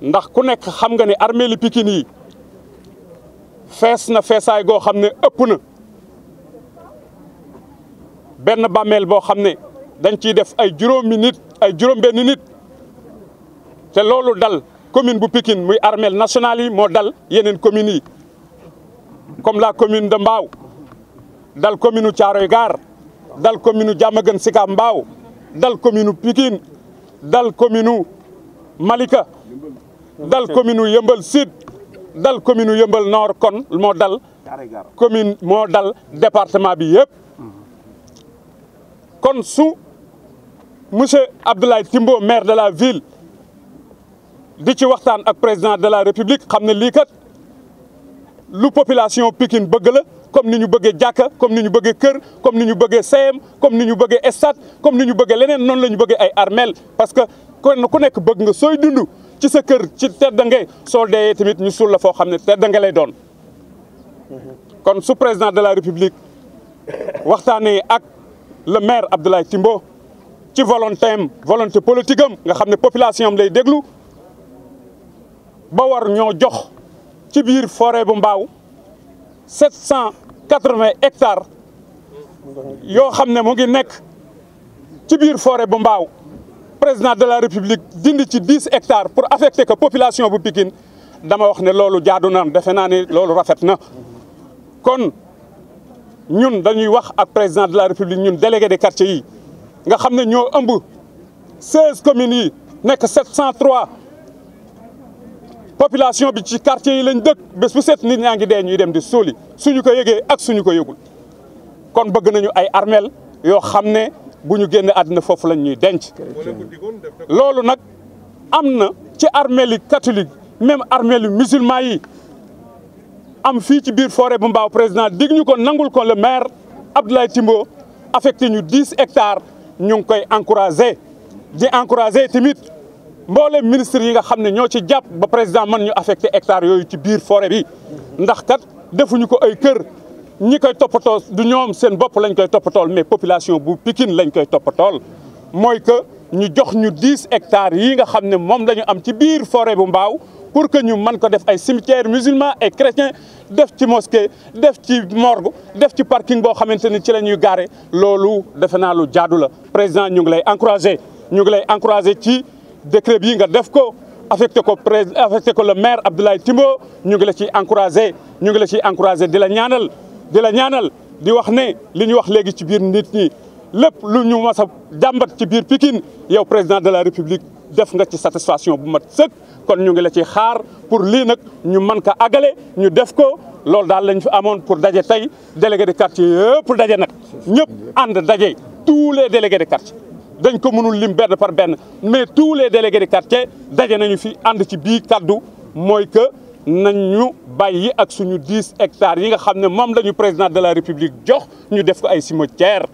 ndax ku nekk xam nga ne armée li Pikine yi fees na feesaay goo xam ne ëpp na benn bàmmeel boo xam ne dañ ciy def ay juróomi nit ay juróom-benn nit te loolu dal commune bu Pikine muy armée nationale yi moo dal yeneen communes yi comme la commune de mbaaw dal commune u Thiaroye dal commune u Diamaguène Sicap dal commune pikin dal commune u Malika dal commune yëmbal sud dal commune yëmbal nord kon mo dal commune mo dal département bi yëpp kon su monsieur Abdoulaye Timbo maire de la ville di ci waxtaan ak président de la république xamne li kat lu population Pikine beug la comme niñu ñu bëggee comme niñu ñu bëggee kër comme niñu ñu bëggee CM comme niñu ñu bëggee comme niñu ñu lenen non, lañu la ay armel parce que kenn ku nekk bëgg nga soy dund ci sa kër ci teddange soo soldé tamit ñu sul la fo xamné ne teddange lay doon kon sous président de la république waxtané ak le maire Abdoulaye Timbo ci volonté volonté politique am nga xamné population am lay déglu ba war ño jox ci biir forêt bu mbaaw 780 hectares yo xamné mo ngi nek ci biir forêt bu mbaaw président de la république dindi ci 10 hectares pour affecter que population bu Pikine dama wax ne loolu jaadu na defe naa ne loolu rafet kon ñun dañuy wax ak président de la république ñun délégué des quartiers yi nga xamné ño ëmb communes yi nek populations population bi ci quartier yi lañ dëkk bés bu sét nit ñangi ngi dee dem di soli suñu ko yégué ak suñu ko yëgul kon bëgg nañu ay armel yo xamné bu ñu génn àdduna foofu lañ ñuy denc loolu nag am na ci armeel yi catholique même armeel yu musulman yi am fii ci biir forêt bu mbaaw président dig ñu ko nangul ko le maire Abdoulaye Timbo affecté ñu dix hectares ñu ngi koy encouragé ji encouragé tamit mboole ministre yi nga xam ne ñoo ci jàpp ba président mën ñu affecté hectares yooyu ci biir forêt bi ndax kat defuñu ko ay kër ñi koy toppatoo du ñoom seen bopp lañ koy toppatool mais population bu Pikine lañ koy toppatool mooy que ñu jox ñu dix hectares yi nga xam ne moom la am ci biir forêt bu Mbaaw pour que ñu mën ko def ay cimetière musulman et chrétien def ci mosquée def ci morgo def ci parking boo xamante ni ci la ñuy gaare loolu defe naa lu jaadu la président ñu ngi lay encouragé ñu ngi lay encouragé ci décret bii nga def ko affecté ko pré affecté ko le maire Abdoulaye Timbo ñu ngi la ciy ñu ngi la ciy encouragé di la ñaanal di la ñaanal di wax ne li ñu wax léegi ci biir nit ñi lépp lu ñu mas jàmbat ci biir Pikine yow président de la république def nga ci satisfaction bu mat sëkk kon ñu ngi la ci xaar pour lii nag ñu mën ko agale ñu def ko loolu daal lañ fi amoon pour daje tey délégué de quartier yëpp daje nag ñëpp ànd daje tous les délégués de quartier dañ ko mënul lim benn par benn mais tous les délégués de daje nañu fi ànd ci biir kaddu mooy que nous avons 10 hectares. Nous sommes le président de la République. Nous avons fait des cimetières.